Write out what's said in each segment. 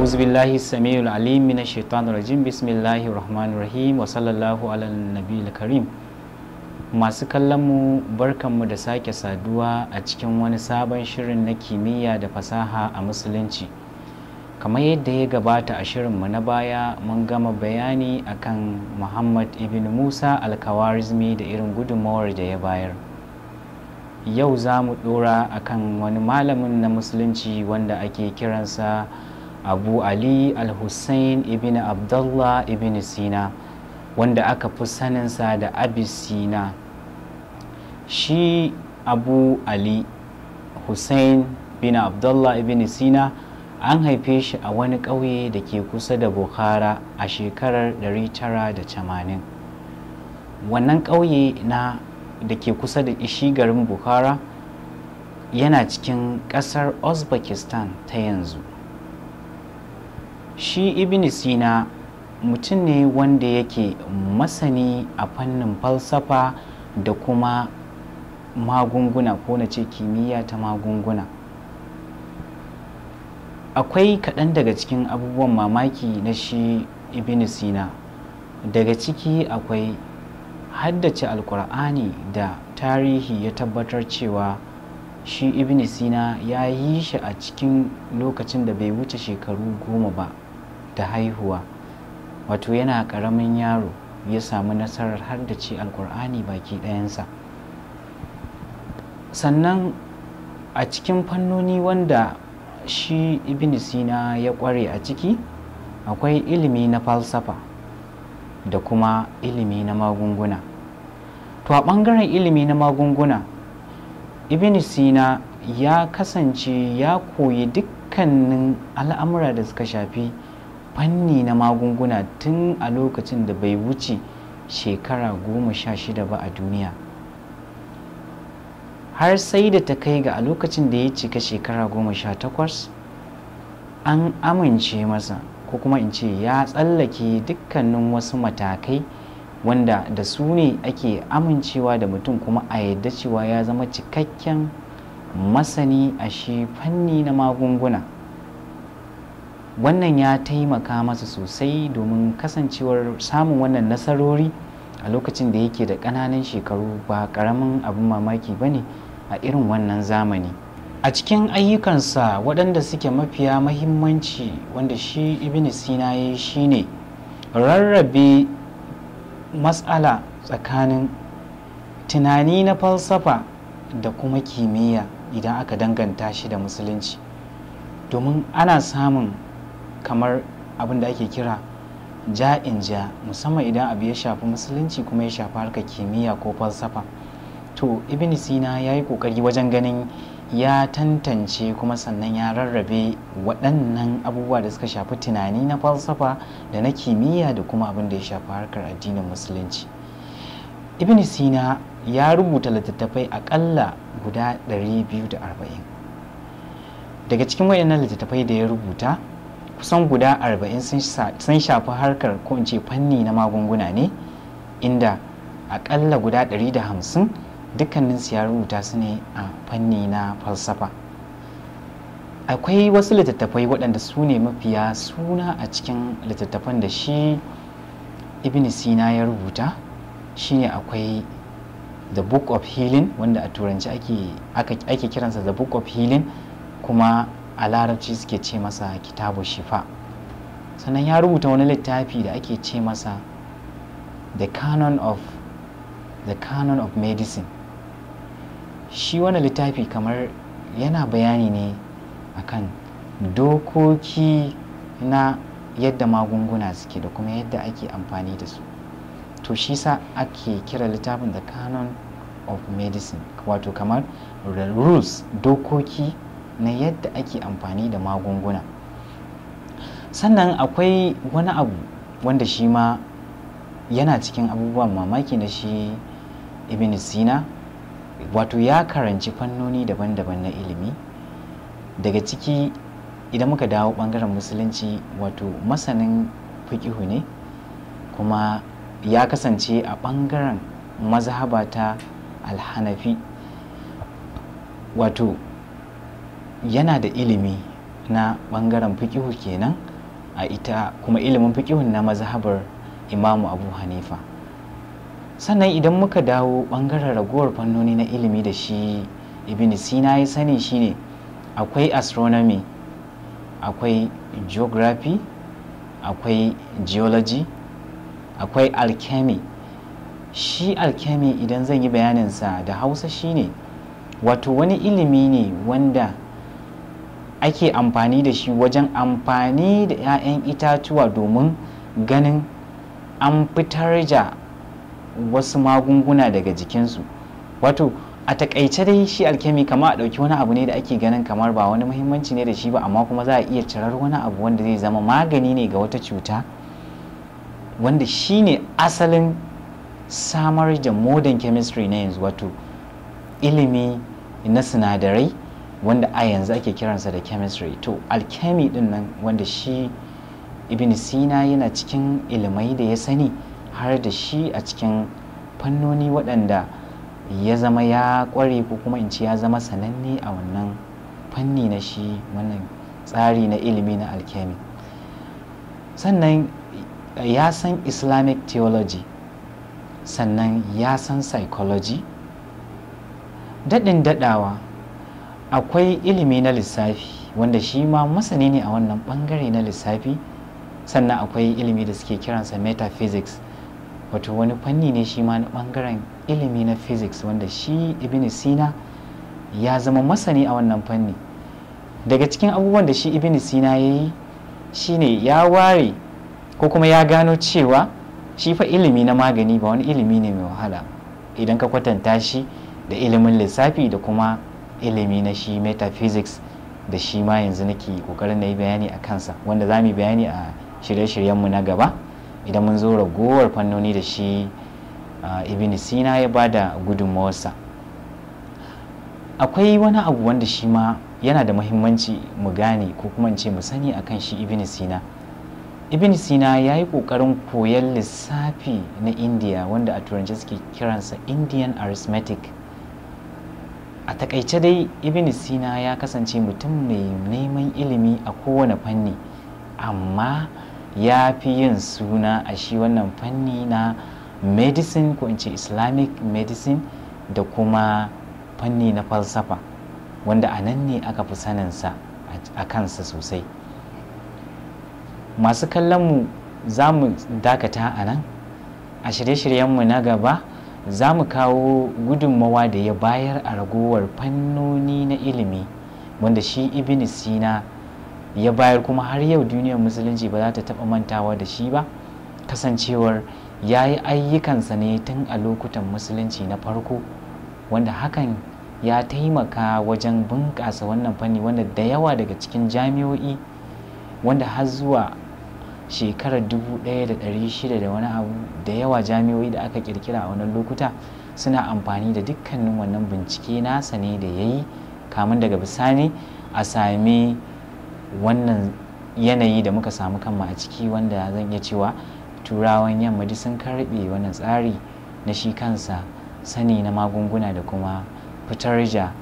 أعوذ بالله السميع العليم من الشيطان الرجيم بسم الله الرحمن الرحيم وصلى الله على النبي الكريم masu da sake saduwa a cikin wani sabon shirin na kimiyya da fasaha a musulunci kamar yadda ya gabata a shirin mu na baya mun gama bayani akan muhammad ibn musa alkawarizmi da irin gudunmawar da ya bayar yau za mu dora akan wani malamin na musulunci wanda ake kiransa abu ali al-hussein ibn abdullah ibn sina wanda aka fi saninsa da Abisina, shi abu ali hussein bin abdullah ibn sina an haife shi a wani ƙauye da ke kusa da bukhara a shekarar 980 wannan ƙauye na da ke kusa da ishi garin bukhara yana cikin ƙasar uzbekistan ta yanzu shi ibn sina mutum ne wanda yake masani a fannin falsafa da kuma magunguna ko na ce kimiyya ta magunguna akwai kaɗan daga cikin abubuwan mamaki na shi ibn sina daga ciki akwai haddace alkur'ani da tarihi ya tabbatar cewa shi ibn sina ya yi shi a cikin lokacin da bai wuce shekaru goma ba da haihuwa wato yana ƙaramin yaro ya samu nasarar har da ci alkur'ani baki ɗayansa sannan a cikin fannoni wanda shi ibn sina ya ƙware a ciki akwai ilimi na falsafa da kuma ilimi na magunguna to a ɓangaren ilimi na magunguna ibn sina ya kasance ya koyi dukkanin al'amura da suka shafi fanni na magunguna tun a lokacin da bai wuce shekara goma sha shida ba a duniya har sai da ta kai ga a lokacin da ya cika shekara goma sha takwas an amince masa ko kuma in ce ya tsallake dukkanin wasu matakai wanda da su ne ake amincewa da mutum kuma a yadda cewa ya zama cikakken masani a shi fanni na magunguna wannan ya taimaka masa sosai domin kasancewar samun wannan nasarori a lokacin da yake da ƙananan shekaru ba ƙaramin abin mamaki ba ne a irin wannan zamani a cikin ayyukansa waɗanda suke mafiya mahimmanci wanda shi ibn sina ya yi shine rarrabe matsala tsakanin tunani na falsafa da kuma kimiyya idan aka danganta shi da musulunci domin ana samun kamar abin da ake kira ja'in ja musamman idan abu ya shafi musulunci kuma ya shafi harkar kimiyya ko falsafa to ibn sina ya yi kokari wajen ganin ya tantance kuma sannan ya rarrabe waɗannan abubuwa da suka shafi tunani na falsafa da na kimiyya da kuma abin da ya shafi harkar addinin musulunci ibn sina ya rubuta littattafai aƙalla guda 240 daga cikin waɗannan littattafai da ya rubuta kusan guda 40 sun shafi harkar ko in ce fanni na magunguna ne inda akalla guda 150 dukkanin su ya rubuta su ne a fanni na falsafa akwai wasu littattafai waɗanda su ne mafiya suna a cikin littattafan da shi ibn sina ya rubuta shine akwai the book of healing wanda a turanci ake, kiransa the book of healing kuma a larabci suke ce masa kitabu shifa sannan ya rubuta wani littafi da ake ce masa the canon of the canon of medicine shi wani littafi kamar yana bayani ne akan dokoki na yadda magunguna suke da kuma yadda ake amfani da su to shi sa ake kira littafin the canon of medicine wato kamar rules dokoki na yadda ake amfani da magunguna sannan akwai wani abu wanda shi ma yana cikin abubuwan mamaki na shi ibn sina wato ya karanci fannoni daban-daban na ilimi daga ciki idan muka dawo bangaren musulunci wato masanin fiƙihu ne kuma ya kasance a bangaren mazhabata alhanafi wato yana da ilimi na ɓangaren fiƙihu kenan a ita kuma ilimin fikihun na mazhabar imamu abu hanifa sannan idan muka dawo ɓangaren ragowar fannoni na ilimi da shi ibn sina ya sani shine akwai astronomy akwai geography akwai geology akwai alchemy shi alchemy idan zan yi bayaninsa da hausa shine wato wani ilimi ne wanda ake amfani da shi wajen amfani da 'ya'yan itatuwa domin ganin an fitar da wasu magunguna daga jikinsu wato a takaice dai shi alkemi kama a ɗauki wani abu ne da ake ganin kamar ba wani muhimmanci ne da shi ba amma kuma za a iya cirar wani abu wanda zai zama magani ne ga wata cuta wanda shi ne asalin samar da modern chemistry na yanzu wato ilimi na sinadarai wanda a yanzu ake kiransa da chemistry to alchemy din nan wanda shi ibn sina yana cikin ilimai da ya sani har da shi a cikin fannoni waɗanda ya zama ya ƙware ko kuma in ci ya zama sananne a wannan fanni na shi wannan tsari na ilimi na alchemy sannan ya san islamic theology sannan ya san psychology daɗin daɗawa akwai ilimi na lissafi wanda shi ma masani ne a wannan bangare na lissafi sannan akwai ilimi da suke kiransa metaphysics wato wani fanni ne shi ma na bangaren ilimi na physics wanda shi ibn sina ya zama masani a wannan fanni daga cikin abubuwan da shi ibn sina ya yi shi ne ya ware ko kuma ya gano cewa shi fa ilimi na magani ba wani ilimi ne mai wahala idan ka kwatanta shi da ilimin lissafi da kuma ilimi na shi metaphysics da shi ma yanzu nake kokarin na yi bayani a kansa wanda za mu bayani a shirye-shiryenmu na gaba idan mun zo ragowar fannoni da shi ibn sina ya ba da gudunmawarsa akwai wani abu wanda shi ma yana da muhimmanci mu gane ko kuma in ce mu sani akan shi ibn sina ibn sina ya yi kokarin koyon lissafi na indiya wanda a turanci suke kiransa indian arithmetic takaice dai ibn sina ya kasance mutum mai neman ilimi a kowane fanni amma ya fi yin suna a shi wannan fanni na medicine ko in ce islamic medicine da kuma fanni na falsafa wanda a nan ne aka fi saninsa a kansa sosai masu kallonmu za mu dakata a nan a shirye-shiryenmu na gaba za mu kawo gudunmawa da ya bayar a ragowar fannoni na ilimi wanda shi ibn sina ya bayar kuma har yau duniyar musulunci ba za ta taɓa mantawa da shi ba kasancewar ya yi ayyukansa ne tun a lokutan musulunci na farko wanda hakan ya taimaka wajen bunƙasa wannan fanni wanda da yawa daga cikin jami'o'i wanda har zuwa shekarar dubu ɗaya da ɗari shida da wani abu da yawa jami'o'i da aka ƙirƙira a wannan lokuta suna amfani da dukkanin wannan bincike nasa ne da ya yi kamun daga bisani a sami wannan yanayi da muka samu kanmu a ciki wanda zan iya cewa turawan yamma duk sun karɓe wannan tsari na shi kansa sani na magunguna da kuma fitar ja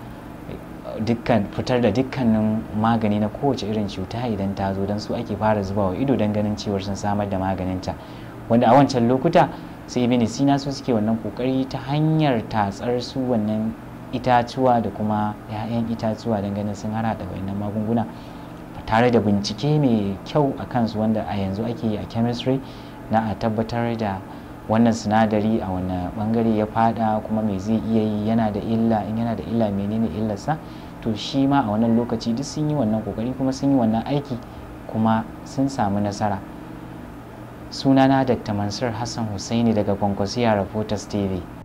dukkan fitar da dukkanin magani na kowace irin cuta idan ta zo don su ake fara zuba wa ido don ganin cewar sun samar da maganinta wanda a wancan lokuta sai ibini sina su suke wannan kokari ta hanyar tatsar su wannan itatuwa da kuma 'ya'yan itatuwa don ganin sun hara da wannan magunguna tare da bincike mai kyau a kansu wanda a yanzu ake yi a chemistry na a tabbatar da wannan sinadari a wani bangare ya fada kuma mai zai iya yi yana da illa in yana da illa menene illarsa to shi ma a wannan lokaci duk sun yi wannan kokari kuma sun yi wannan aiki kuma sun samu nasara sunana dr mansur hassan hussaini daga kwankwasiya reporters tv